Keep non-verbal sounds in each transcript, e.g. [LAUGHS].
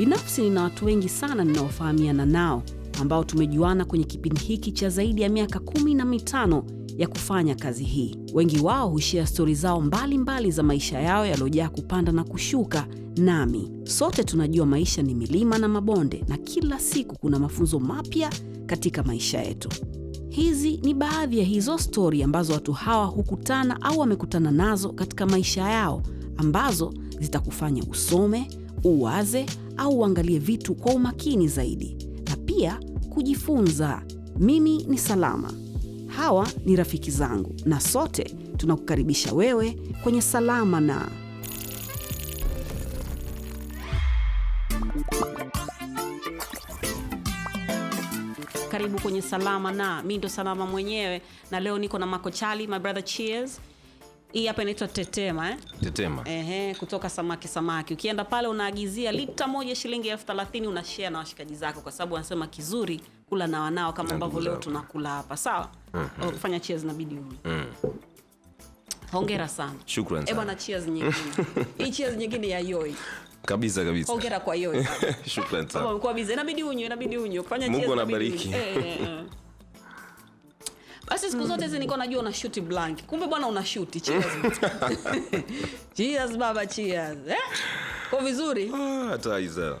Binafsi nina watu wengi sana ninaofahamiana nao ambao tumejuana kwenye kipindi hiki cha zaidi ya miaka kumi na mitano ya kufanya kazi hii. Wengi wao hushea stori zao mbalimbali mbali za maisha yao yaliyojaa kupanda na kushuka. Nami sote tunajua maisha ni milima na mabonde, na kila siku kuna mafunzo mapya katika maisha yetu. Hizi ni baadhi ya hizo stori ambazo watu hawa hukutana au wamekutana nazo katika maisha yao, ambazo zitakufanya usome, uwaze au uangalie vitu kwa umakini zaidi, na pia kujifunza. Mimi ni Salama, hawa ni rafiki zangu, na sote tunakukaribisha wewe kwenye Salama na karibu kwenye Salama na mi ndo Salama mwenyewe, na leo niko na Mako Chali, my brother, cheers. Hii hapa inaitwa tetema eh? Tetema. Ehe, kutoka samaki samaki. Ukienda pale unaagizia lita moja shilingi elfu thelathini unashare na washikaji zako kwa sababu wanasema kizuri kula na wanao kama ambavyo leo tunakula hapa. Sawa? Mm-hmm. Kufanya cheers na ule. Mm. Hongera sana. Shukrani sana. Eh, bwana cheers nyingine. [LAUGHS] Hii cheers nyingine ya Yoi. Kabisa kabisa. Hongera kwa Yoi. [LAUGHS] Shukrani sana. Kwa bize inabidi unywe, inabidi unywe. Fanya cheers. Mungu anabariki. Eh, eh. eh. Basi siku zote hizi mm. nilikuwa najua una shoot blank. Kumbe bwana una shoot. Cheers. [LAUGHS] [LAUGHS] cheers baba, cheers. Eh? Kwa vizuri. Ah, hata Iza.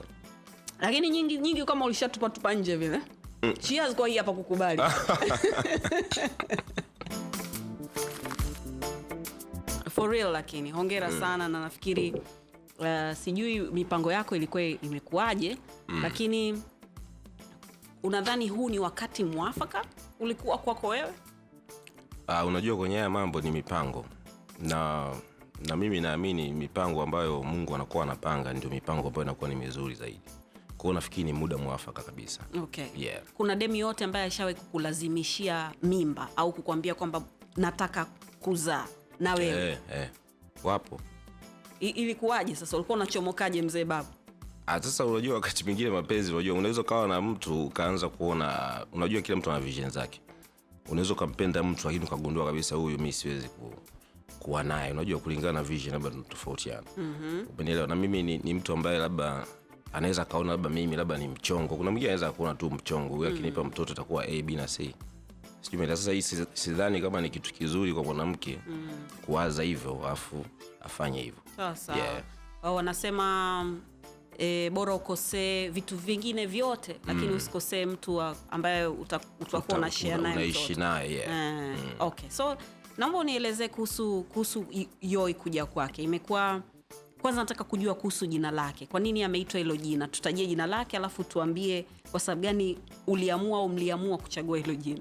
Lakini nyingi nyingi kama ulishatupa tupa nje vile. Mm. Cheers kwa hii hapa kukubali. [LAUGHS] For real lakini hongera mm. sana na nafikiri uh, sijui mipango yako ilikuwa imekuaje mm. lakini unadhani huu ni wakati mwafaka ulikuwa kwako wewe? Uh, unajua kwenye haya mambo ni mipango na na mimi naamini mipango ambayo Mungu anakuwa anapanga ndio mipango ambayo inakuwa ni mizuri zaidi. kwao nafikiri ni muda mwafaka kabisa. Okay. Yeah. Kuna demu yote ambaye ashawai kukulazimishia mimba au kukwambia kwamba nataka kuzaa na wewe? Eh, eh. Wapo. I, ilikuwaje sasa, ulikuwa unachomokaje mzee babu? Ah, sasa unajua, wakati mwingine mapenzi, unajua, unaweza ukawa na mtu ukaanza kuona, unajua, kila mtu ana vision zake. Unaweza ukampenda mtu lakini ukagundua kabisa, huyu mi siwezi ku, kuwa naye. Unajua, kulingana na vision labda tunatofautiana. mm-hmm. Umenielewa? Na mimi ni, ni mtu ambaye labda anaweza akaona labda mimi labda ni mchongo. Kuna mwingine anaweza kuona tu mchongo, huyu akinipa mm-hmm. mtoto atakuwa A, B na C sijui sasa, hii sidhani kama ni kitu kizuri kwa mwanamke mm. kuwaza hivyo afu afanye hivyo. Sawa sawa, yeah. Wanasema e, bora ukosee vitu vingine vyote lakini mm. usikosee mtu ambaye utakuwa unashare naye unaishi naye yeah. Eh, mm. okay. so naomba unielezee kuhusu kuhusu Yoi kuja kwake imekuwa kwanza nataka kujua kuhusu jina lake. Kwa nini ameitwa hilo jina? Tutajie jina lake, alafu tuambie kwa sababu gani uliamua au mliamua kuchagua hilo jina.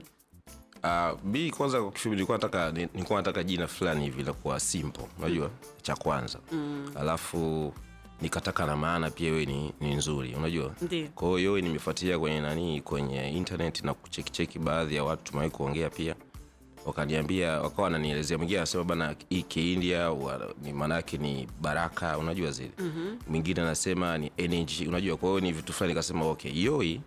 Uh, mi kwanza kwa kifupi nilikuwa nataka nilikuwa nataka jina fulani hivi la kuwa simple, unajua mm. cha kwanza mm. alafu nikataka na maana pia iwe ni, ni nzuri unajua. Kwa hiyo wewe nimefuatilia kwenye nani kwenye internet na kuchekicheki baadhi ya watu tumewahi kuongea pia wakaniambia wakawa wananielezea, mwingine anasema bana, kiindia ni ni baraka, unajua zile. Mhm. Mwingine mm -hmm. anasema ni energy, unajua. Kwa hiyo ni vitu fulani, nikasema okay, yoi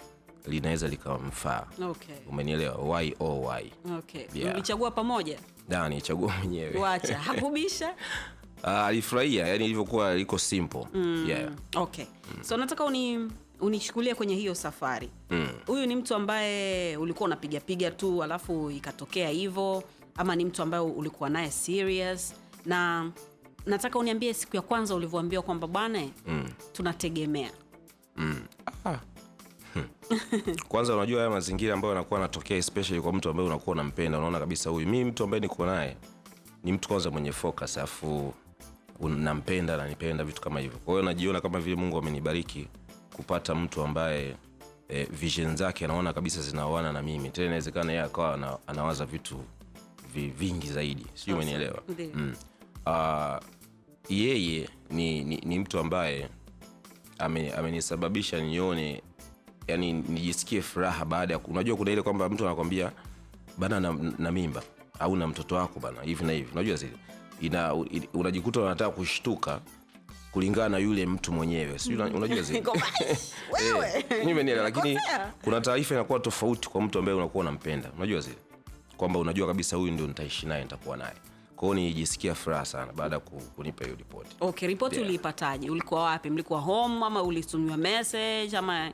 linaweza likamfaa. Okay. Umenielewa? y o y. Okay. pamoja? Da, nichagua mwenyewe. Wacha [LAUGHS] hakubisha Uh, alifurahia yani ilivyokuwa iko simple. Mm. Yeah. Okay. Mm. So nataka uni unichukulie kwenye hiyo safari. Mm. Huyu mm. ni mtu ambaye ulikuwa unapigapiga tu alafu ikatokea hivyo ama ni mtu ambaye ulikuwa naye serious? Na nataka uniambie siku ya kwanza ulivyoambiwa kwamba bwana mm. tunategemea mm. ah. [LAUGHS] Kwanza unajua haya mazingira ambayo yanakuwa yanatokea especially kwa mtu ambaye unakuwa unampenda, unaona kabisa huyu mimi mtu ambaye niko naye ni mtu kwanza mwenye focus afu nampenda nanipenda vitu kama hivyo. Kwa hiyo najiona kama vile Mungu amenibariki kupata mtu ambaye e, vision zake anaona kabisa zinaoana na mimi, tena inawezekana yeye akawa anawaza vitu vingi zaidi, sijui umenielewa? mm. Uh, yeye ni, ni, ni mtu ambaye amenisababisha ame nione yani nijisikie furaha baada ya unajua, kuna ile kwamba mtu anakwambia bana na, na mimba au na mtoto wako bana hivi na hivi, unajua zile ina, ina, unajikuta unataka kushtuka kulingana na yule mtu mwenyewe, si unajua [LAUGHS] zaidi [LAUGHS] eh, Lakini kuna taarifa inakuwa tofauti kwa mtu ambaye unakuwa unampenda, unajua zile kwamba unajua kabisa huyu ndio nitaishi naye, nitakuwa naye kwa hiyo furaha sana baada ya kunipa hiyo ripoti. Okay, ripoti yeah. uliipataje? Ulikuwa wapi? Mlikuwa home ama ulitumiwa message ama?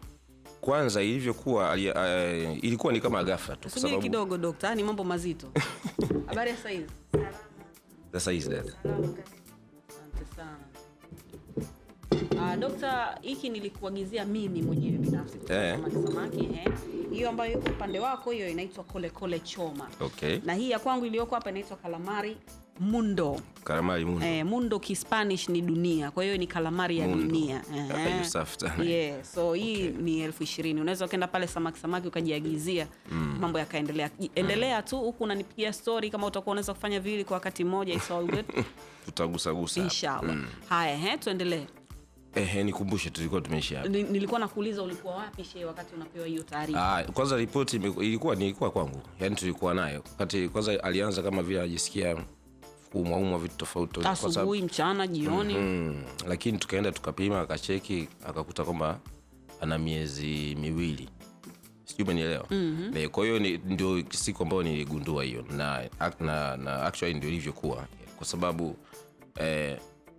Kwanza ilivyokuwa eh, ilikuwa ni kama gafla tu, kidogo, dokta, ni mambo mazito. [LAUGHS] Habari ya saizi sasa hizi dada. Asante sana. Uh, dokta, hiki nilikuagizia mimi mwenyewe binafsi eh. samaki eh. Hiyo ambayo upande wako hiyo inaitwa kole kole choma. Okay. Na hii ya kwangu iliyoko hapa inaitwa kalamari mundo Kalamari mundo. Eh, mundo kispanish ni dunia, kwa hiyo ni kalamari ya mundo. dunia eh. [LAUGHS] Yeah, so hii okay. ni elfu ishirini unaweza ukaenda pale samaki samaki ukajiagizia mm. mambo yakaendelea endelea mm. tu huku unanipigia story kama utakuwa unaweza kufanya vile kwa wakati mmoja, it's all good [LAUGHS] tutagusagusa inshallah mm. haya tuendelee Eh, nikumbushe tulikuwa tumeisha hapa. Nilikuwa nakuuliza ulikuwa wapi she wakati unapewa hiyo taarifa? Ah, kwanza ripoti ilikuwa ni ilikuwa kwangu. Yaani tulikuwa nayo. Wakati kwanza alianza kama vile anajisikia kuumwaumwa vitu tofauti asubuhi, mchana, jioni mm -hmm. Lakini tukaenda tukapima, akacheki akakuta kwamba ana miezi miwili sijui menielewa mm -hmm. Eh, kwa hiyo ndio siku ambayo niligundua hiyo, na, na, na actually ndio ilivyokuwa kwa sababu eh,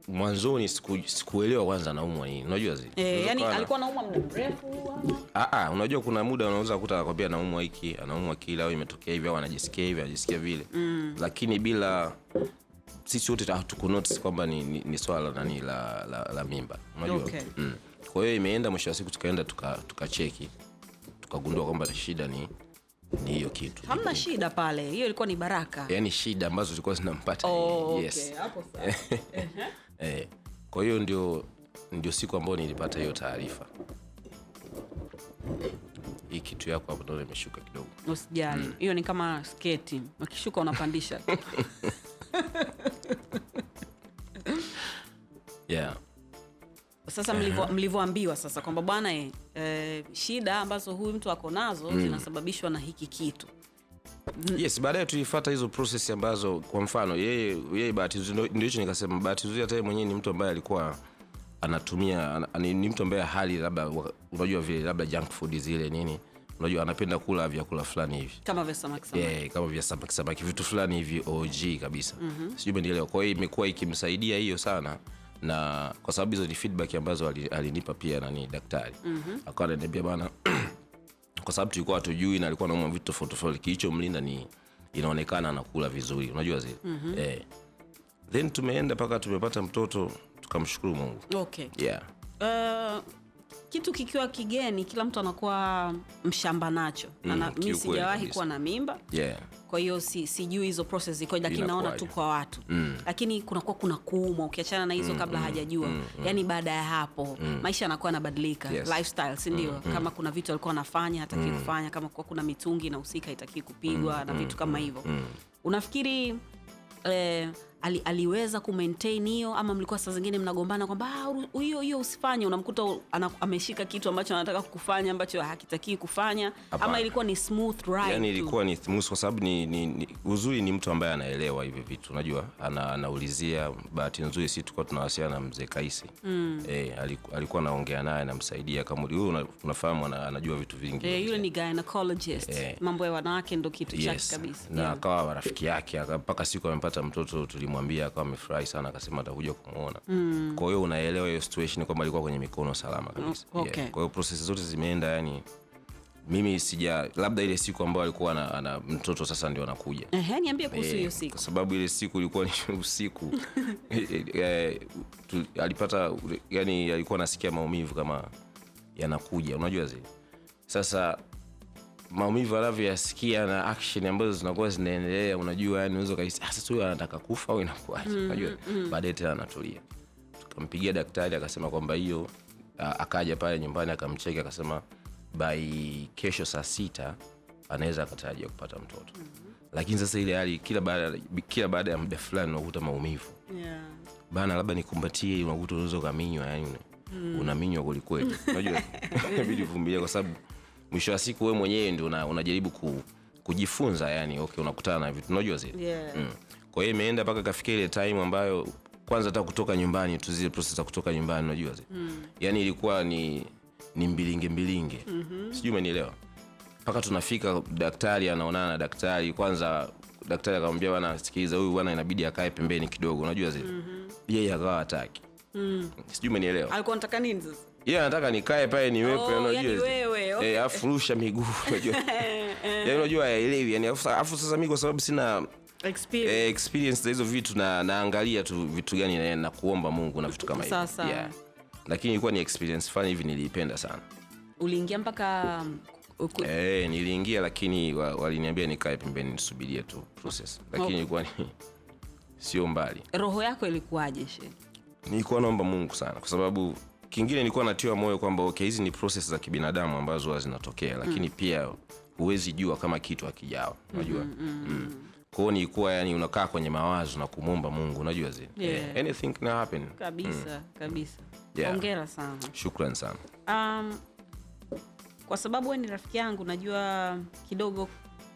mwanzoni sikuelewa kwanza naumwa nini. Unajua zi Eh, yani alikuwa naumwa muda mrefu. Ah ah, unajua kuna muda unaweza kukuta akwambia anaumwa hiki, anaumwa kile au imetokea hivi au anajisikia hivi, anajisikia vile. Mm. Lakini bila sisi wote hatukunotice kwamba ni, ni, ni swala nani la, la, la mimba. Unajua? Okay. Mm. Kwa hiyo imeenda mwisho wa siku tukaenda tukacheki tuka tukagundua kwamba shida ni ni hiyo kitu. Hamna shida pale, hiyo ilikuwa ni baraka, yaani shida ambazo zilikuwa zinampata. Oh, yes. Okay. Hapo sawa. [LAUGHS] Eh, kwa hiyo ndio, ndio siku ambayo nilipata hiyo taarifa. Hii kitu yako hapo naona imeshuka kidogo. Usijali, mm. hiyo ni kama sketi, ukishuka unapandisha [LAUGHS] yeah. Sasa mlivyoambiwa sasa kwamba bwana e, shida ambazo huyu mtu ako nazo mm. zinasababishwa na hiki kitu Yes, baadaye tulifuata hizo process ambazo kwa mfano yeye yeye bahati nzuri ndio hicho nikasema bahati nzuri hata yeye mwenyewe ni mtu ambaye alikuwa anatumia an, an, ni mtu ambaye hali labda unajua vile labda junk food zile nini unajua anapenda kula vyakula fulani hivi kama vya samaki samaki yeah, kama vya samaki samaki vitu fulani hivi OG kabisa mm-hmm. sijui umenielewa kwa hiyo imekuwa ikimsaidia hiyo sana na kwa sababu hizo ni feedback ambazo alinipa ali pia nani daktari mm-hmm. akawa ananiambia bana [CLEARS THROAT] kwa sababu tulikuwa hatujui na alikuwa anauma vitu tofauti tofauti, kilichomlinda ni inaonekana anakula vizuri, unajua zile mm -hmm. eh. Then tumeenda mpaka tumepata mtoto tukamshukuru Mungu. Okay. Yeah. Uh, kitu kikiwa kigeni, kila mtu anakuwa mshamba nacho mm, na mimi sijawahi kuwa na mimba yeah. Kwa hiyo si, sijui hizo process zikoje, lakini naona tu kwa watu mm. Lakini kunakuwa kuna kuumwa ukiachana na hizo mm, kabla mm, hajajua mm, mm. yani baada ya hapo mm, maisha yanakuwa yanabadilika yes. Lifestyle si mm, ndio? mm, kama kuna vitu alikuwa anafanya hataki mm, kufanya kama kwa kuna mitungi inahusika itakii kupigwa mm, na mm, vitu kama hivyo mm. Unafikiri eh, ali, aliweza ku hiyo, ama mlikuwa saa zingine mnagombana kwamba ah, hiyo hiyo usifanye, unamkuta ameshika kitu ambacho anataka kufanya ambacho hakitakii kufanya Apa. ama ilikuwa ni smooth ride? Yani ilikuwa ni smooth kwa sababu ni, ni, ni, uzuri ni mtu ambaye anaelewa hivi vitu unajua, ana, anaulizia. Bahati nzuri sisi tulikuwa tunawasiliana na mzee Kaisi mm. E, alikuwa anaongea naye namsaidia kama huyu, unafahamu una anajua vitu vingi e, yule ni gynecologist e. mambo ya wanawake ndo kitu yes. chake kabisa na akawa yeah. rafiki yake mpaka siku amepata mtoto tuli nilimwambia akawa amefurahi sana, akasema atakuja kumuona. Mm. Kwa hiyo unaelewa hiyo situation kwamba alikuwa kwenye mikono salama kabisa. Mm, okay. Yeah. Kwa hiyo prosesi zote zimeenda yani mimi sija labda ile siku ambayo alikuwa na na mtoto sasa ndio anakuja. niambie kuhusu eh, hiyo siku. Kwa sababu ile siku ilikuwa ni [LAUGHS] usiku. E, [LAUGHS] e, tu, alipata yani alikuwa anasikia maumivu kama yanakuja, unajua zile. Sasa maumivu alavyo yasikia na action ambazo zinakuwa zinaendelea, unajua yani unaweza kaisi ah, sasa huyo anataka kufa au inakuwaje? mm, unajua mm. Baadaye tena anatulia, tukampigia daktari akasema kwamba hiyo, akaja pale nyumbani akamcheki akasema bai kesho saa sita anaweza akatarajia kupata mtoto mm -hmm. Lakini sasa ile hali kila baada kila baada ya muda fulani unakuta maumivu yeah. Bana, labda nikumbatie, unakuta unaweza ukaminywa yani mm. Unaminywa kwelikweli, [LAUGHS] unajua [LAUGHS] inabidi uvumilia kwa sababu mwisho wa siku wewe mwenyewe ndio unajaribu ku, kujifunza yani, okay, unakutana na vitu unajua zile yeah. mm. Kwa hiyo imeenda mpaka kafikia ile time ambayo kwanza hata kutoka nyumbani tu zile process za kutoka nyumbani unajua zile mm. yani ilikuwa ni ni mbilinge mbilinge mm -hmm. sijui umenielewa mpaka tunafika daktari anaonana na daktari kwanza daktari akamwambia bwana sikiliza huyu bwana inabidi akae pembeni kidogo unajua zile mm-hmm. yeye akawa hataki mm. sijui umenielewa alikuwa anataka nini sasa yeye anataka nikae pale niwepe oh, unajua yani eh, afu rusha miguu [LAUGHS] unajua, [LAUGHS] yaani unajua haelewi yani, afu sasa mimi kwa sababu sina experience, eh, experience za hizo vitu na naangalia tu vitu gani na, na kuomba Mungu na vitu kama hivyo yeah. Lakini ilikuwa ni experience fulani hivi niliipenda sana. Uliingia mpaka Uku... Eh, niliingia lakini waliniambia wa nikae pembeni nisubirie tu process, lakini ilikuwa okay. ni sio mbali. Roho yako ilikuwaje she? Nilikuwa naomba Mungu sana kwa sababu kingine nilikuwa natiwa moyo kwamba okay, hizi ni proses za kibinadamu ambazo zinatokea, lakini mm. pia huwezi jua kama kitu akijawa unajua mm-hmm, mm-hmm. mm, mm, mm. kwao nilikuwa yani unakaa kwenye mawazo na kumwomba Mungu, unajua zile yeah. yeah. anything happen kabisa mm. kabisa mm. yeah. sana, shukran sana um, kwa sababu wewe ni rafiki yangu, najua kidogo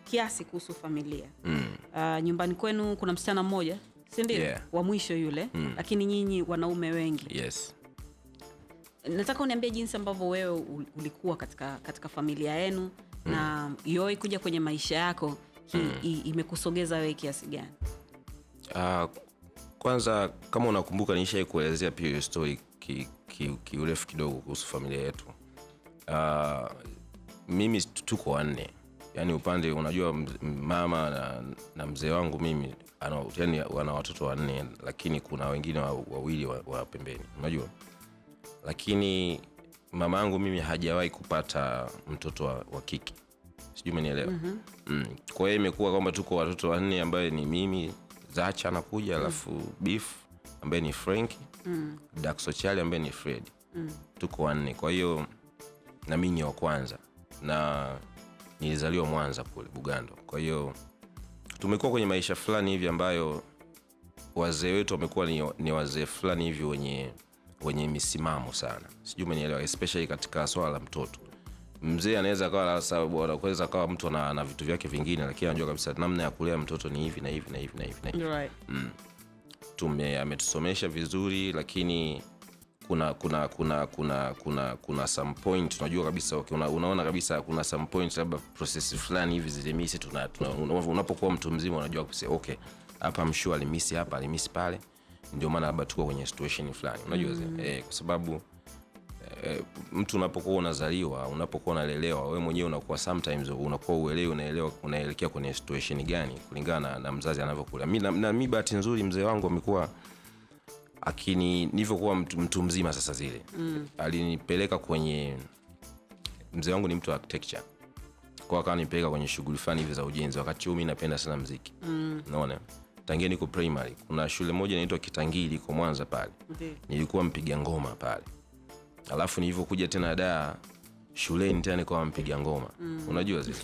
kiasi kuhusu familia mm. Uh, nyumbani kwenu kuna msichana mmoja sindio yeah. wa mwisho yule mm. lakini nyinyi wanaume wengi yes. Nataka uniambie jinsi ambavyo wewe ulikuwa katika, katika familia yenu mm. na Yoi kuja kwenye maisha yako mm. imekusogeza wewe kiasi gani? Uh, kwanza kama unakumbuka nishai kuelezea pia hiyo stori kiurefu ki, ki kidogo kuhusu familia yetu. Uh, mimi tuko wanne, yani upande unajua mama na, na mzee wangu mimi ana, yani wana watoto wanne, lakini kuna wengine wawili wa, wa, wa pembeni unajua lakini mama yangu mimi hajawahi kupata mtoto wa, wa kike sijui menielewa mm -hmm. mm. kwa hiyo imekuwa kwamba tuko watoto wanne ambaye ni mimi Zacha anakuja mm. alafu mm. ambaye ni Frank mm. Daksochali ambaye ni Fred mm. tuko wanne, kwa hiyo na mi ni wa kwanza na nilizaliwa Mwanza kule Bugando. Kwa hiyo tumekuwa kwenye maisha fulani hivi ambayo wazee wetu wamekuwa ni, ni wazee fulani hivi wenye wenye misimamo sana, sijui umenielewa, especially katika swala la mtoto. Mzee anaweza kawa sababu anaweza kawa mtu ana, na vitu vyake vingine, lakini anajua kabisa namna ya kulea mtoto ni hivi na hivi na hivi na hivi na hivi right. mm. Tume ametusomesha vizuri, lakini kuna kuna kuna kuna kuna kuna some point unajua kabisa okay, una, unaona kabisa kuna some point labda process fulani hivi zilimisi, tuna, tuna unapokuwa mtu mzima unajua kabisa okay, hapa mshua alimisi hapa alimisi pale ndio maana labda tuko kwenye situation fulani unajua mm. eh, kwa sababu eh, mtu unapokuwa unazaliwa unapokuwa unalelewa we mwenyewe unakuwa sometimes unakuwa uelewi unaelewa unaelekea kwenye situation gani kulingana na, mzazi anavyokula mi, na, na mi bahati nzuri mzee wangu amekuwa akini nilivyokuwa mtu, mtu mzima sasa zile mm. alinipeleka kwenye mzee wangu ni mtu wa architecture kwa akawa nipeleka kwenye shughuli fulani hivi za ujenzi wakati huu mi napenda sana mziki mm. naona tangia niko primary, kuna shule moja inaitwa Kitangili iko Mwanza pale, nilikuwa mpiga ngoma pale, alafu nilivyokuja tena daa shuleni tena nikawa mpiga ngoma mm. unajua zile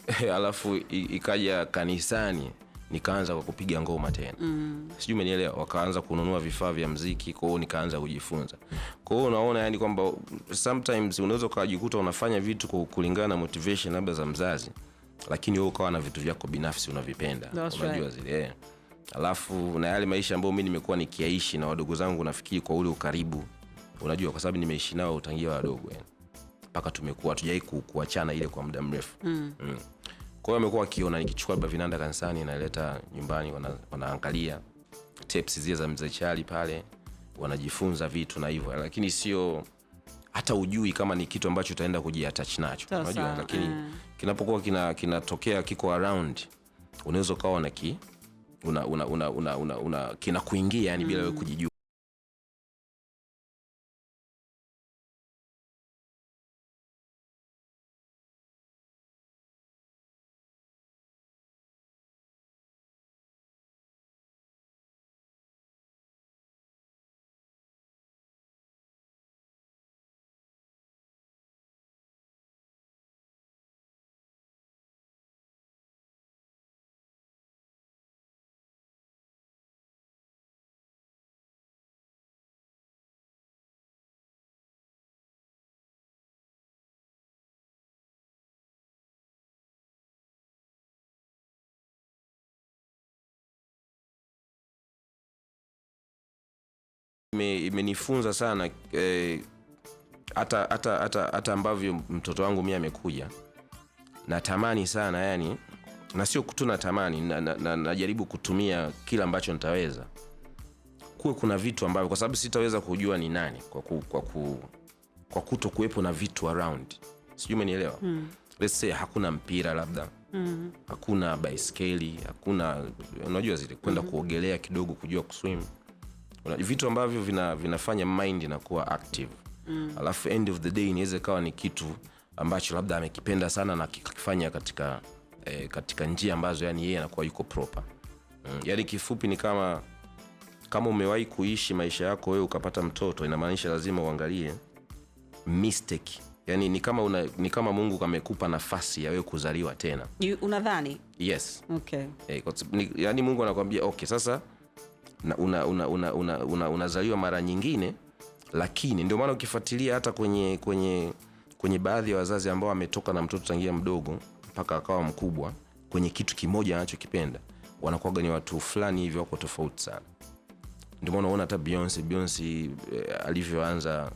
[LAUGHS] alafu ikaja kanisani nikaanza kwa kupiga ngoma tena mm. sijui umenielewa. Wakaanza kununua vifaa vya mziki, kwa hiyo nikaanza kujifunza. Kwa hiyo unaona, yani kwamba sometimes unaweza ukajikuta unafanya vitu kwa kulingana na motivation labda za mzazi, lakini wewe ukawa na vitu vyako binafsi unavipenda. unajua right. zile yeah alafu na yale maisha ambayo mimi nimekuwa nikiaishi na wadogo zangu, nafikiri kwa ule ukaribu, unajua, kwa sababu nimeishi nao tangia wadogo yani mpaka tumekuwa tujai kuachana ile kwa muda mrefu mm. mm. Kwa hiyo amekuwa akiona nikichukua labda vinanda kanisani naleta nyumbani, wanaangalia wana tapes zile za mzee Chali pale, wanajifunza vitu na hivyo, lakini sio hata ujui kama ni kitu ambacho utaenda kujiatach nacho, unajua, lakini mm. kinapokuwa kinatokea kina kiko around unaweza ukawa na ki una, una, una, una, una, kinakuingia yani bila wewe mm. kujijua. imenifunza sana eh, hata eh, hata ambavyo mtoto wangu mi amekuja, natamani sana yani, na sio tu natamani, najaribu na, na, kutumia kila ambacho nitaweza kuwe kuna vitu ambavyo kwa sababu sitaweza kujua ni nani kwa, ku, kwa, ku, kwa kuto kuwepo na vitu around, sijui umenielewa mm. Let's say hakuna mpira labda mm -hmm. hakuna baiskeli, hakuna unajua zile kwenda mm -hmm. kuogelea kidogo, kujua kuswim una, vitu ambavyo vina, vinafanya mind inakuwa active mm. alafu end of the day inaweza ikawa ni kitu ambacho labda amekipenda sana na kifanya katika, eh, katika njia ambazo yani yeye anakuwa yuko proper mm. yani kifupi ni kama kama umewahi kuishi maisha yako wewe ukapata mtoto inamaanisha lazima uangalie mistake yani ni kama, una, ni kama mungu kamekupa nafasi ya wewe kuzaliwa tena unadhani yes okay. eh, yani mungu anakwambia okay sasa unazaliwa una, una, una, una, una mara nyingine, lakini ndio maana ukifuatilia hata kwenye, kwenye, kwenye baadhi ya wazazi ambao wametoka na mtoto tangia mdogo mpaka akawa mkubwa kwenye kitu kimoja anachokipenda wanakuaga ni watu fulani hivyo, wako tofauti sana. Ndio maana unaona hata Beyonce, Beyonce eh, alivyoanza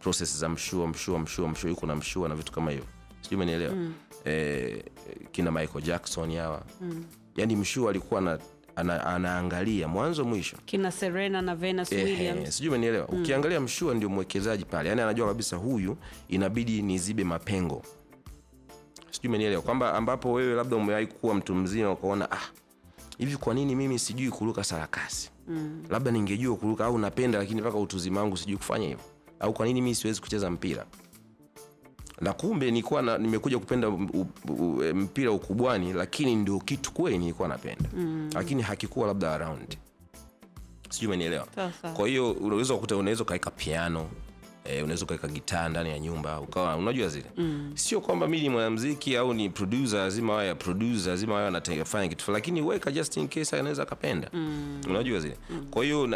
process za mshua mshua mshua mshua, yuko na mshua na vitu kama hivyo, sijui menielewa mm. eh, kina Michael Jackson hawa mm. Yani mshua alikuwa na ana, anaangalia mwanzo mwisho, kina Serena na Venus Williams, sijui umenielewa. Mm. Ukiangalia mshua ndio mwekezaji pale, yani anajua kabisa huyu inabidi nizibe mapengo, sijui umenielewa, kwamba ambapo wewe labda umewahi kuwa mtu mzima ukaona ah, hivi kwa nini mimi sijui kuruka sarakasi? Mm. Labda ningejua kuruka au napenda, lakini mpaka utuzima wangu sijui kufanya hivyo, au kwa nini mimi siwezi kucheza mpira? na kumbe nilikuwa nimekuja kupenda e, mpira ukubwani, lakini ndio kitu kweli nilikuwa napenda mm. Lakini hakikuwa labda around, sijui umenielewa. Kwa hiyo unaweza ukuta unaweza ukaweka piano eh, unaweza ukaweka gitaa ndani ya nyumba ukawa unajua zile mm. Sio kwamba mimi ni mwanamuziki au ni producer, lazima ya producer, lazima wawe anafanya kitu, lakini weka just in case anaweza akapenda mm. Unajua zile mm. Kwa hiyo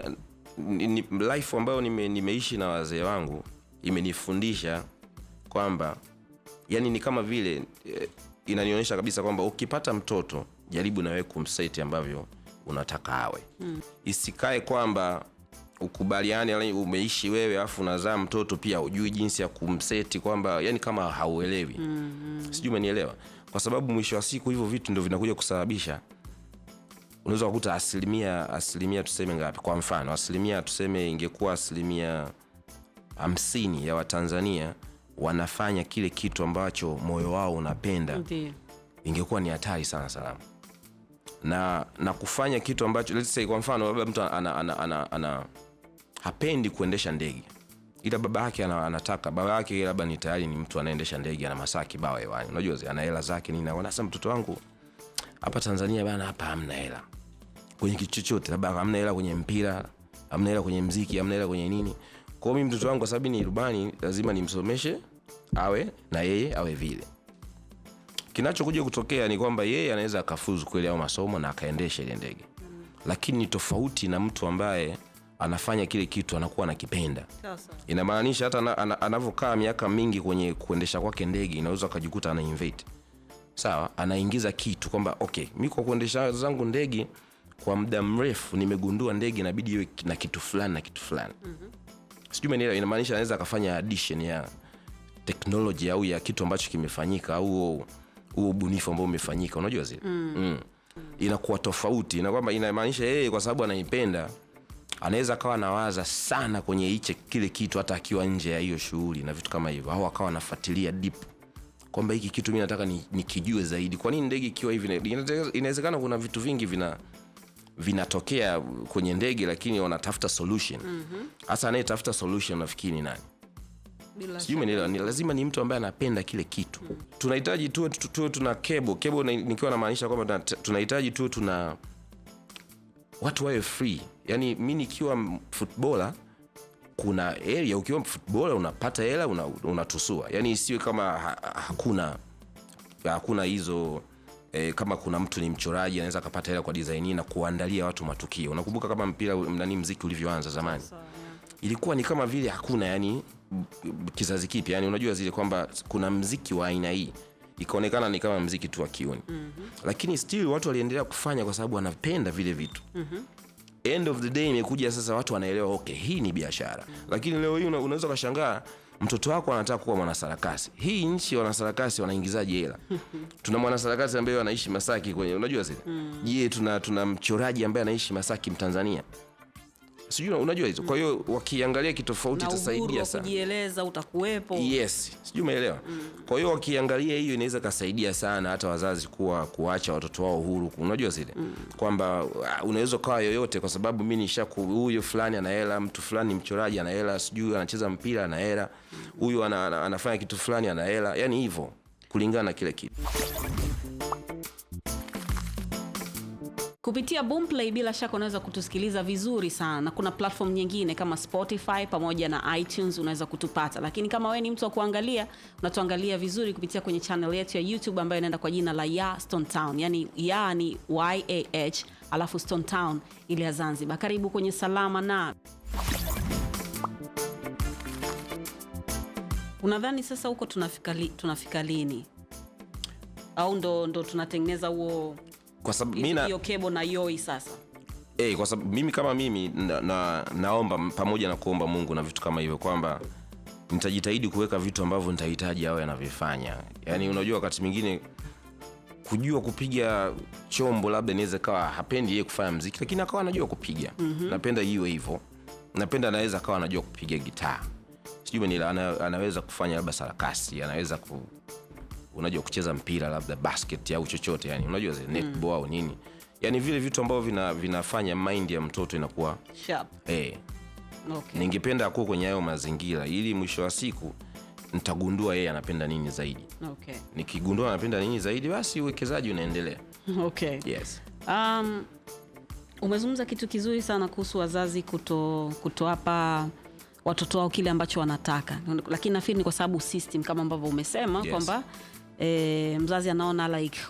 life ambayo nime, nimeishi na wazee wangu imenifundisha kwamba yani ni kama vile eh, inanionyesha kabisa kwamba ukipata mtoto jaribu nawe kumseti ambavyo unataka awe mm. Isikae kwamba ukubaliane umeishi wewe alafu unazaa mtoto pia ujui jinsi ya kumseti kwamba yani kama hauelewi mm -hmm. Sijui umenielewa, kwa sababu mwisho wa siku hivyo vitu ndio vinakuja kusababisha unaweza kukuta asilimia asilimia tuseme ngapi, kwa mfano asilimia tuseme ingekuwa asilimia hamsini ya Watanzania wanafanya kile kitu ambacho moyo wao unapenda, ndiyo. Ingekuwa ni hatari sana salama na, na kufanya kitu ambacho let's say, kwa mfano labda mtu ana, ana, ana, ana hapendi kuendesha ndege ila baba yake anataka, baba yake labda ni tayari ni mtu anaendesha ndege, ana masaa kibao hewani, unajua ana hela zake nini, anaona sasa mtoto wangu hapa Tanzania bana, hapa hamna hela kwenye kitu chochote, labda hamna hela kwenye mpira, hamna hela kwenye mziki, hamna hela kwenye nini. Kwa hiyo mimi mtoto wangu kwa sababu ni rubani, lazima nimsomeshe awe na yeye awe vile. Kinachokuja kutokea ni kwamba yeye anaweza akafuzu kweli au masomo na akaendesha ile ndege, lakini ni tofauti na mtu ambaye anafanya kile kitu anakuwa anakipenda. Inamaanisha hata anavyokaa miaka mingi kwenye kuendesha kwake ndege, inaweza akajikuta ana invite sawa, anaingiza kitu kwamba okay, mi kwa kuendesha zangu ndege kwa muda mrefu nimegundua ndege inabidi iwe na kitu fulani na kitu fulani, mm-hmm. sijui. Ina inamaanisha anaweza akafanya addition ya teknoloji au ya kitu ambacho kimefanyika au huo ubunifu ambao umefanyika, unajua zile mm. mm. inakuwa tofauti na kwamba inamaanisha yeye kwa sababu anaipenda anaweza akawa anawaza sana kwenye hiche kile kitu hata akiwa nje ya hiyo shughuli na vitu kama hivyo, au akawa anafuatilia deep kwamba hiki kitu mi nataka nikijue ni zaidi, kwa nini ndege ikiwa hivi. Inawezekana kuna vitu vingi vina vinatokea kwenye ndege, lakini wanatafuta solution mm-hmm. hasa. mm -hmm. Anayetafuta solution nafikiri ni nani? sijui umenielewa, ni lazima ni mtu ambaye anapenda kile kitu hmm. tunahitaji tuwe tuwe tuna kebo kebo, nikiwa namaanisha kwamba tunahitaji tuwe tuna watu wawe free. Yani mi nikiwa futbola kuna area, ukiwa futbola unapata hela unatusua, una yani isiwe kama ha, hakuna hakuna hizo E, kama kuna mtu ni mchoraji anaweza akapata hela kwa design na kuandalia watu matukio. Unakumbuka kama mpira nani mziki ulivyoanza zamani? ilikuwa ni kama vile hakuna yani kizazi kipya yani, unajua zile kwamba kuna mziki wa aina hii ikaonekana ni kama mziki tu wa kioni mm -hmm. Lakini still watu waliendelea kufanya kwa sababu wanapenda vile vitu mm -hmm. End of the day imekuja sasa, watu wanaelewa okay, hii ni biashara mm -hmm. Lakini leo hii unaweza ukashangaa mtoto wako anataka kuwa mwanasarakasi. Hii nchi wanasarakasi wanaingizaji hela? [LAUGHS] tuna mwanasarakasi ambaye anaishi Masaki kwenye unajua zile mm -hmm. Tuna, tuna mchoraji ambaye anaishi Masaki Mtanzania sijui unajua hizo. Kwa hiyo wakiangalia kitofauti itasaidia sana. Kujieleza utakuwepo. Yes, sijui umeelewa. Mm. Kwa hiyo wakiangalia hiyo inaweza kasaidia sana hata wazazi kuwa kuacha watoto wao huru. Unajua zile mm. kwamba ah, unaweza ukawa yoyote, kwa sababu mimi nisha huyo fulani ana hela, mtu fulani mchoraji ana hela, sijui anacheza mpira ana hela, mm. huyu anafanya kitu fulani ana hela, yani hivyo kulingana na kile kitu. Kupitia Boomplay bila shaka unaweza kutusikiliza vizuri sana, na kuna platform nyingine kama Spotify pamoja na iTunes unaweza kutupata, lakini kama wewe ni mtu wa kuangalia, unatuangalia vizuri kupitia kwenye channel yetu ya YouTube ambayo inaenda kwa jina la ya Stone Town, yani ya ni yah alafu Stone Town ile ya Zanzibar. Karibu kwenye salama na Unadhani sasa huko tunafika, li, tunafika lini au ndo, ndo tunatengeneza huo kwa sababu mina... hiyo kebo na yoi sasa eh, kwa sababu mimi kama mimi na, na, naomba pamoja na kuomba Mungu na vitu kama hivyo kwamba nitajitahidi kuweka vitu ambavyo nitahitaji awe anavifanya. Yaani, unajua wakati mwingine kujua kupiga chombo labda niweze kawa hapendi yeye kufanya mziki, lakini akawa anajua kupiga mm -hmm. Napenda hiyo hivyo, napenda anaweza akawa anajua kupiga gitaa, sijui ni ana, anaweza kufanya labda sarakasi, anaweza ku, unajua kucheza mpira labda basket au chochote yani, unajua zile netball au nini yani vile vitu ambavyo vina, vinafanya mind ya mtoto inakuwa sharp. Hey. Eh. Okay. Ningependa akuwa kwenye hayo mazingira ili mwisho wa siku nitagundua yeye anapenda nini zaidi. Okay. Nikigundua anapenda nini zaidi basi uwekezaji unaendelea. [LAUGHS] Okay. Yes. Um, umezungumza kitu kizuri sana kuhusu wazazi kuto watoto wao kile ambacho wanataka, lakini nafikiri ni kwa sababu system kama ambavyo umesema yes, kwamba e, mzazi anaona like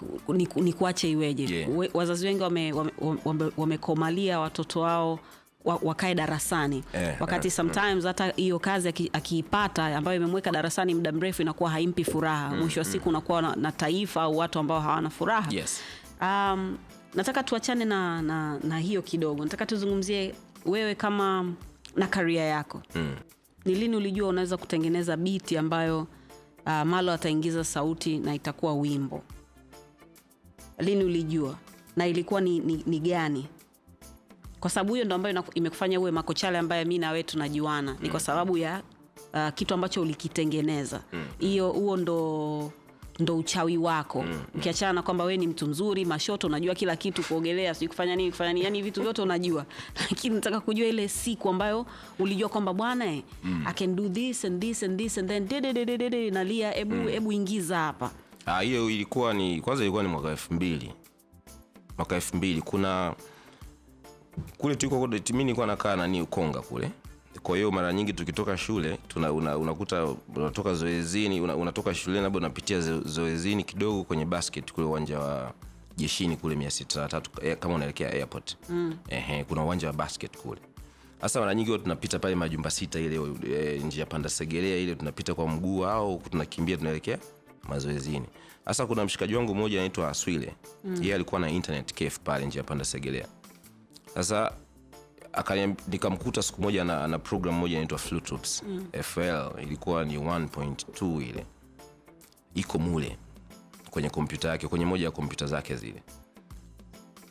ni kuache iweje? yeah. We, wazazi wengi wamekomalia wame, wame, watoto wao wakae darasani eh, wakati eh, sometimes mm. hata eh. hiyo kazi akiipata aki ambayo imemweka darasani muda mrefu inakuwa haimpi furaha. mm, mwisho wa mm. siku mm. unakuwa na, na taifa au watu ambao hawana furaha. yes. Um, nataka tuachane na, na, na hiyo kidogo, nataka tuzungumzie wewe kama na karia yako mm. ni lini ulijua unaweza kutengeneza biti ambayo uh, Malo ataingiza sauti na itakuwa wimbo. Lini ulijua na ilikuwa ni, ni, ni gani? Kwa sababu hiyo ndo ambayo imekufanya uwe Makochale ambaye mi na wewe tunajuana, ni kwa mm. sababu ya uh, kitu ambacho ulikitengeneza hiyo, mm. huo ndo ndo uchawi wako mm. mm. Ukiachana na kwamba we ni mtu mzuri, mashoto, unajua kila kitu, kuogelea, sijui kufanya nini kufanya nini, yani vitu vyote unajua, [LAUGHS] lakini nataka kujua ile siku ambayo ulijua kwamba bwana eh, mm. I can do this and this and this and then dedededede, nalia, ebu mm. ebu ingiza hapa. Ah, hiyo ilikuwa ni kwanza, ilikuwa ni mwaka elfu mbili mwaka elfu mbili kuna kule tuliko mimi nilikuwa nakaa nani Ukonga kule kwa hiyo mara nyingi tukitoka shule tuna, una, unakuta unatoka zoezini una, unatoka shuleni labda unapitia zoezini kidogo kwenye basket kule uwanja wa jeshini kule mia sita na tatu eh, kama unaelekea airport mm. Ehe, kuna uwanja wa basket kule hasa mara nyingi tunapita pale majumba sita ile e, njia panda Segerea ile tunapita kwa mguu au tunakimbia tunaelekea mazoezini. Hasa kuna mshikaji wangu mmoja anaitwa Aswile mm. Yeye alikuwa na internet cafe pale njia panda Segerea. Sasa nikamkuta siku moja na, na program moja inaitwa Flutoops mm. FL ilikuwa ni 1.2 ile iko mule kwenye kompyuta yake kwenye moja ya kompyuta zake zile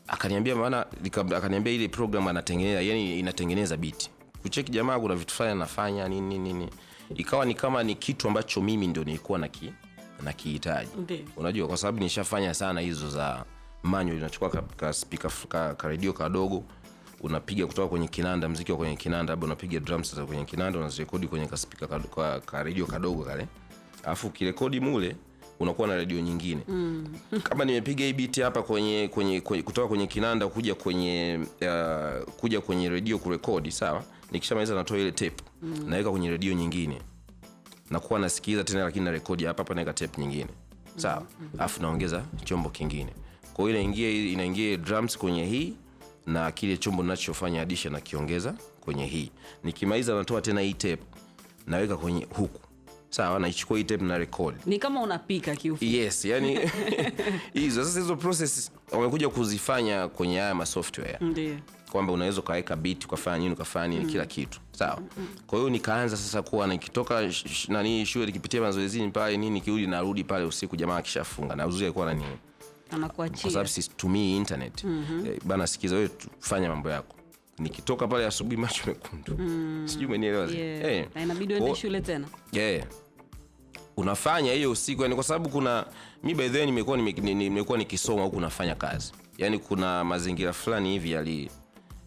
akaniambia maana akaniambia ile program anatengeneza yani inatengeneza biti kucheki jamaa kuna vitu fulani anafanya nini nini ikawa ni kama ni kitu ambacho mimi ndio nilikuwa na ki, na kihitaji unajua kwa sababu nishafanya sana hizo za manyo inachukua ka, ka, ka, ka, ka redio kadogo ka unapiga kutoka kwenye kinanda, mziki wa kwenye kinanda, labda unapiga drums za kwenye kinanda, unazirekodi kwenye kaspika ka, ka, ka redio kadogo kale, alafu ukirekodi mule unakuwa na redio nyingine mm. kama nimepiga hii biti hapa kwenye, kwenye, kwenye, kutoka kwenye kinanda kuja kwenye uh, kuja kwenye redio kurekodi sawa, nikishamaliza natoa ile tape mm. naweka kwenye redio nyingine, nakuwa nasikiliza tena, lakini na rekodi hapa hapa, naweka tape nyingine sawa, mm. alafu mm. naongeza chombo kingine, kwa hiyo inaingia inaingia drums kwenye hii na kile chombo ninachofanya addition na kiongeza kwenye hii. Nikimaliza natoa tena hii tape naweka kwenye huku Sawa, naichukua hii tape na record. Ni kama unapika kiufupi. Yes, yani [LAUGHS] [LAUGHS] hizo sasa hizo process wamekuja kuzifanya kwenye haya ma software. Ndiyo. Kwamba unaweza kaweka beat ukafanya nini ukafanya nini mm. kila kitu. Sawa. Mm -mm. Kwa hiyo nikaanza sasa kuwa nikitoka nani shule nikipitia mazoezini pale nini kirudi narudi pale usiku jamaa akishafunga na uzuri alikuwa nani anakuachia kwa sababu situmii internet. mm -hmm. Bana, sikiza wewe, tufanya mambo yako nikitoka pale asubuhi macho mekundu. mm. Sijui umenielewa. yeah. hey. Eh. na inabidi uende shule tena. yeah. Unafanya hiyo usiku, yani kwa sababu kuna mi by then nimekuwa nimekuwa nikisoma huku nafanya kazi, yani kuna mazingira fulani hivi yali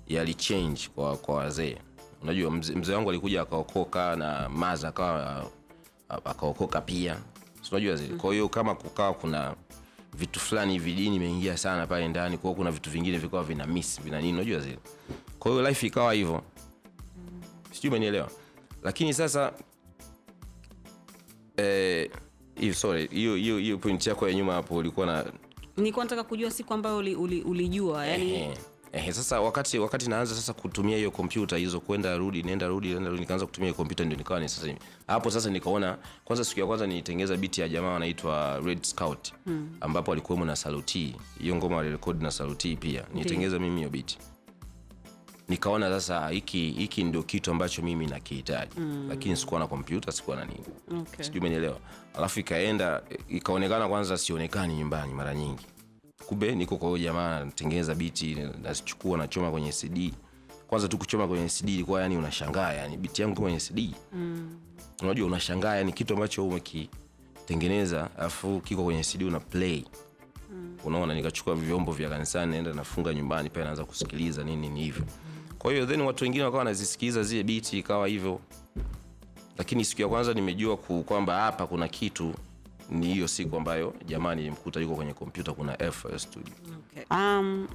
yali change kwa kwa wazee. Unajua mzee mze wangu alikuja akaokoka na maza akawa akaokoka pia, unajua zile. Mm-hmm. Kwa hiyo kama kukawa kuna vitu fulani hivi dini imeingia sana pale ndani, kwa kuna vitu vingine vikawa vina miss vina nini, unajua zile. Kwa hiyo life ikawa hivyo, mm. sijui umenielewa. Lakini sasa eh, hiyo sorry, hiyo hiyo hiyo point yako ya nyuma hapo ulikuwa na, nilikuwa nataka kujua siku ambayo ulijua uli, uli yani Eh, sasa wakati wakati naanza sasa kutumia hiyo kompyuta hizo kwenda rudi nenda rudi nenda rudi nikaanza kutumia hiyo kompyuta ndio nikawa ni sasa hapo sasa nikaona kwanza siku ya kwanza nilitengeneza biti ya jamaa anaitwa Red Scout hmm. ambapo alikuwemo na Saluti. Hiyo ngoma alirekodi na Saluti pia. Nilitengeneza mimi hiyo biti. Nikaona sasa hiki hiki ndio kitu ambacho mimi nakihitaji mm. Lakini sikuwa na kompyuta, sikuwa na nini okay. Sijui umenielewa. Alafu ikaenda ikaonekana kwanza sionekani nyumbani mara nyingi kumbe niko kwa huyo jamaa anatengeneza biti, nazichukua nachoma kwenye CD. Kwanza tu kuchoma kwenye CD ilikuwa yani unashangaa yani biti yangu kwenye CD. Mm. Unajua unashangaa yani kitu ambacho umekitengeneza afu kiko kwenye CD una play. Mm. Unaona, nikachukua vyombo vya kanisani naenda nafunga nyumbani pale naanza kusikiliza nini ni hivyo. Kwa hiyo then watu wengine wakawa wanazisikiliza zile biti ikawa hivyo. Lakini siku ya kwanza nimejua kwamba hapa kuna kitu ni hiyo siku ambayo jamani mkuta yuko kwenye kompyuta kuna FL Studio. Okay. Um,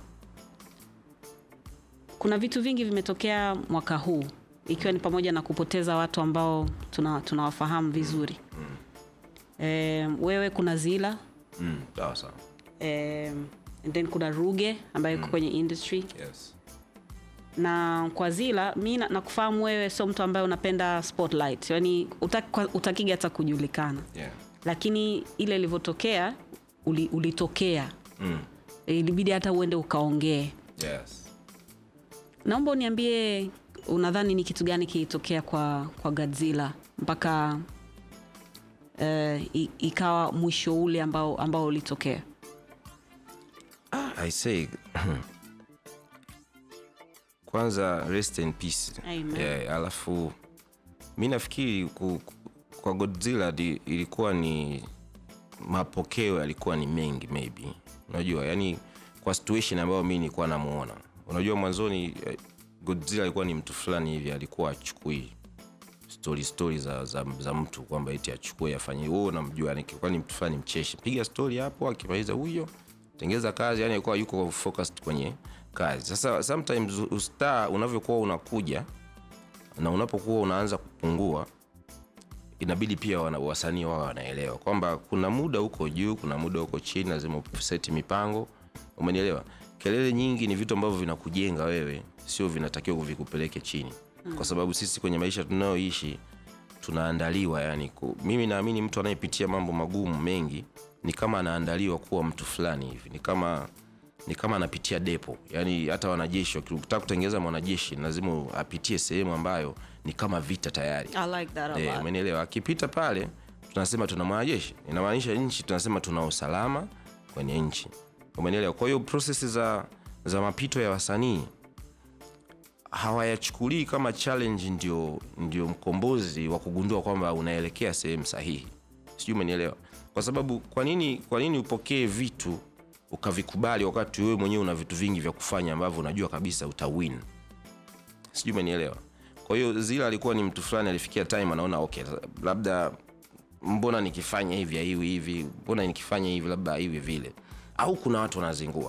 kuna vitu vingi vimetokea mwaka huu ikiwa ni pamoja na kupoteza watu ambao tunawafahamu tuna vizuri mm. E, wewe kuna Zila mm, E, and then kuna Ruge ambaye iko mm. kwenye industry yes. Na kwa Zila mi nakufahamu wewe, sio mtu ambaye unapenda spotlight, yaani utakiga hata kujulikana yeah lakini ile ilivyotokea uli, ulitokea mm. Ilibidi hata uende ukaongee. Yes. Naomba uniambie unadhani ni kitu gani kilitokea kwa, kwa Godzilla mpaka uh, ikawa mwisho ule ambao, ambao ulitokea? I say kwanza rest in peace. Yeah, alafu mi nafikiri kwa Godzilla di, ilikuwa ni mapokeo yalikuwa ni mengi maybe, unajua yani kwa situation ambayo mi nilikuwa namuona, unajua mwanzoni eh, Godzilla alikuwa ni mtu fulani hivi, alikuwa achukui stori stori za, za, za mtu kwamba eti achukue afanye wewe namjua yani kwa ni mtu fulani mcheshi, piga stori hapo, akimaliza huyo tengeza kazi, yani alikuwa yuko focused kwenye kazi. Sasa sometimes ustar unavyokuwa unakuja na unapokuwa unaanza kupungua inabidi pia wasanii wao wanaelewa kwamba kuna muda huko juu, kuna muda huko chini, lazima useti mipango, umenielewa. Kelele nyingi ni vitu ambavyo vinakujenga wewe, sio vinatakiwa kuvikupeleke chini, mm. kwa sababu sisi kwenye maisha tunayoishi tunaandaliwa yani. Mimi naamini mtu anayepitia mambo magumu mengi ni kama anaandaliwa kuwa mtu fulani hivi, ni kama ni kama anapitia depo yani. Hata wanajeshi ukitaka kutengeneza mwanajeshi lazima apitie sehemu ambayo ni kama vita tayari. I like that a eh, lot. Umenielewa? Akipita pale tunasema tuna mwanajeshi, inamaanisha nchi, tunasema tuna usalama kwenye nchi. Umenielewa? Kwa hiyo process za, za mapito ya wasanii hawayachukulii kama challenge ndio, ndio mkombozi wa kugundua kwamba unaelekea sehemu sahihi. Sijui umenielewa? Kwa sababu kwa nini, kwa nini upokee vitu ukavikubali wakati wewe mwenyewe una vitu vingi vya kufanya ambavyo unajua kabisa utawin? Sijui umenielewa? Kwa hiyo Zila alikuwa ni mtu fulani, alifikia time anaona okay, labda mbona nikifanya hivi hivi hivi, mbona nikifanya hivi labda hivi vile, au kuna watu wanazingua